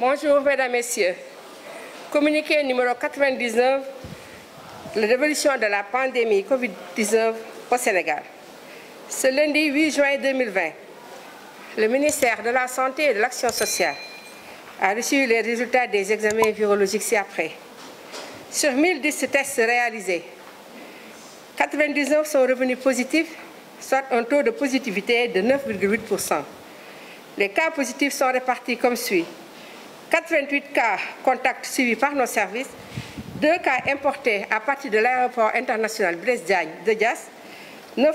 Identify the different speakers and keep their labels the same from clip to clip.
Speaker 1: Bonjour, Mesdames, Messieurs. Communiqué numéro 99, la révolution de la pandémie COVID-19 au Sénégal. Ce lundi 8 juin 2020, le ministère de la Santé et de l'Action sociale a reçu les résultats des examens virologiques ci-après. Sur 1010 tests réalisés, 99 sont revenus positifs, soit un taux de positivité de 9,8%. Les cas positifs sont répartis comme suit. 88 cas contacts suivis par nos services, 2 cas importés à partir de l'aéroport international Blaise-Diagne de Dias,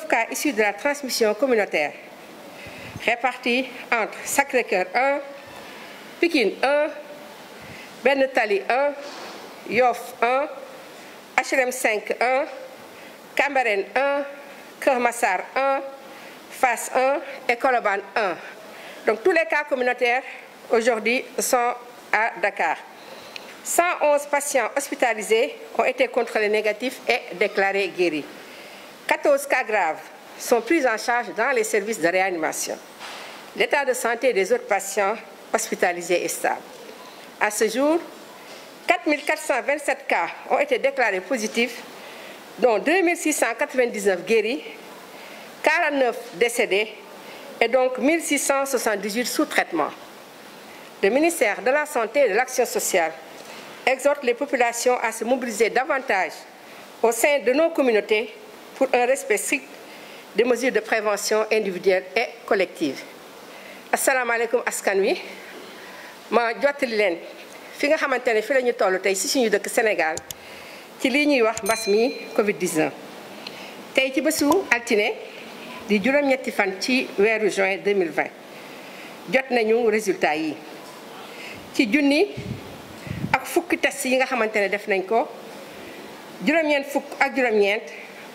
Speaker 1: cas issus de la transmission communautaire, répartis entre Sacré-Cœur 1, Pikine 1, Ben Tali 1, Yoff 1, HLM 5 1, Cambérène 1, Keur Massar 1, Fass 1 et Colobane 1. Donc tous les cas communautaires aujourd'hui sont à Dakar. 111 patients hospitalisés ont été contrôlés négatifs et déclarés guéris. 14 cas graves sont pris en charge dans les services de réanimation. L'état de santé des autres patients hospitalisés est stable. À ce jour, 4427 cas ont été déclarés positifs, dont 2699 guéris, 49 décédés et donc 1678 sous traitement. le ministère de la Santé et de l'Action sociale exhorte les populations à se mobiliser davantage au sein de nos communautés pour un respect strict des mesures de prévention individuelle et collective asalaamaaleykum askan wi ma jottali leen fi nga xamante ne fi la ñu toll tey si suñu dëkk Sénégal ci lii ñuy wax mbas mi Covid 19. tey ci bésu altine di juróom-ñetti fan ci weeru juin 2020 jot nañu résultat yi. ci junni ak fukki test yi nga xamante ne def nañ ko juróom-ñeent fukk ak juróom-ñeent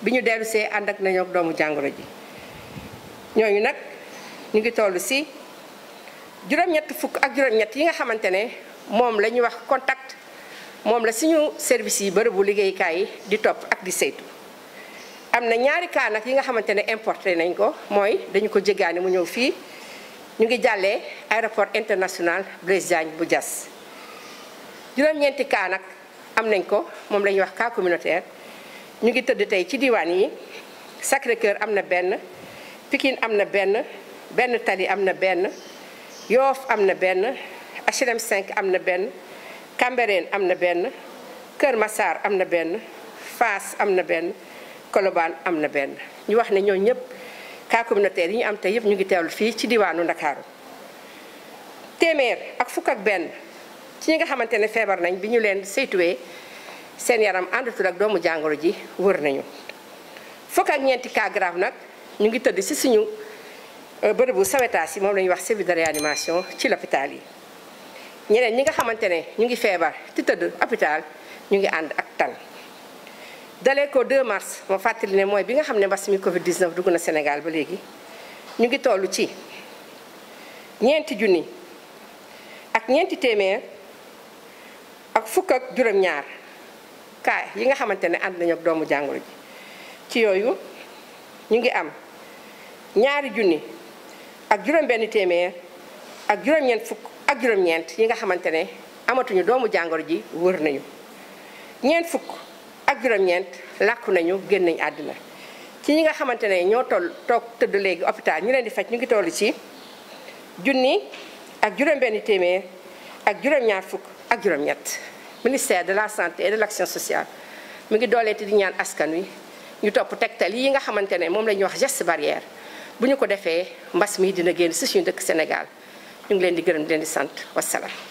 Speaker 1: bi ñu dellu see ànd ak nañoo doomu jàngoro ji ñooñu nag ñu ngi toll si juróom-ñett fukk yi nga xamante ne moom la ñuy wax contact moom la suñu service yi bërëbu liggéeykaay yi di topp ak di saytu am na ñaari cas nag yi nga xamante ne importé nañ ko mooy dañu ko jéggaani mu ñëw fii ñu ngi jàllee aéroport international Blaise Diagne bu Diass juróom-ñeenti cas am nañ ko moom la ñuy wax cas communautaire ñu ngi tëdd tey ci diwaan yi Sacré-Cœur am na benn pikin am na benn benn Tali am na benn yoof am na benn HLM 5 am na benn Cambérène am na benn Kër Massar am na benn Fass am na benn Colobane am na benn ñu wax ne ñoo ñëpp cas communautaire yi ñu am tey yëpp ñu ngi teewlu fii ci diwaanu Ndakaaru téeméer ak fukk ak benn ci ñi nga xamante ne feebar nañ bi ñu leen seytuwee seen yaram àndatul ak doomu jàngoro ji wër nañu fukk ak ñeenti cas grave nag ñu ngi tëdd ci suñu euh, bërëbu sawetaas yi moom lañuy wax service de réanimation ci l'hôpital yi ñeneen ñi nga xamante ne ñu ngi feebar ci tëdd hôpital ñu ngi ànd ak tan dalee ko mars ma fàttali ne mooy bi nga xam ne mbas mi Covid 19 dugg na Sénégal ba léegi ñu ngi tollu ci ñeenti junni ak ñeenti téeméer ak fukk ak juróom-ñaar kaay yi nga xamante ne ànd nañu ak doomu jàngoro ji ci yooyu ñu ngi am ñaari junni ak juróom-benn téeméer ak juróom-ñeent fukk ak juróom-ñeent yi nga xamante ne amatuñu doomu jàngoro ji wër nañu ñeent fukk. ak juróom-ñeent làkku nañu génn nañu àddina ci ñi nga xamante ne ñoo toll toog tëdd léegi hôpital ñu leen di faj ñu ngi toll ci junni ak juróom-benn téeméer ak juróom-ñaar fukk ak juróom-ñett ministère de la santé et de l'action sociale mu ngi dooleeti di ñaan askan wi ñu topp tegtal yi nga xamante ne moom la ñuy wax geste barrière bu ñu ko defee mbas mii dina génn si suñu dëkk Sénégal ñu ngi leen di gërëm di leen di sant wasalaam.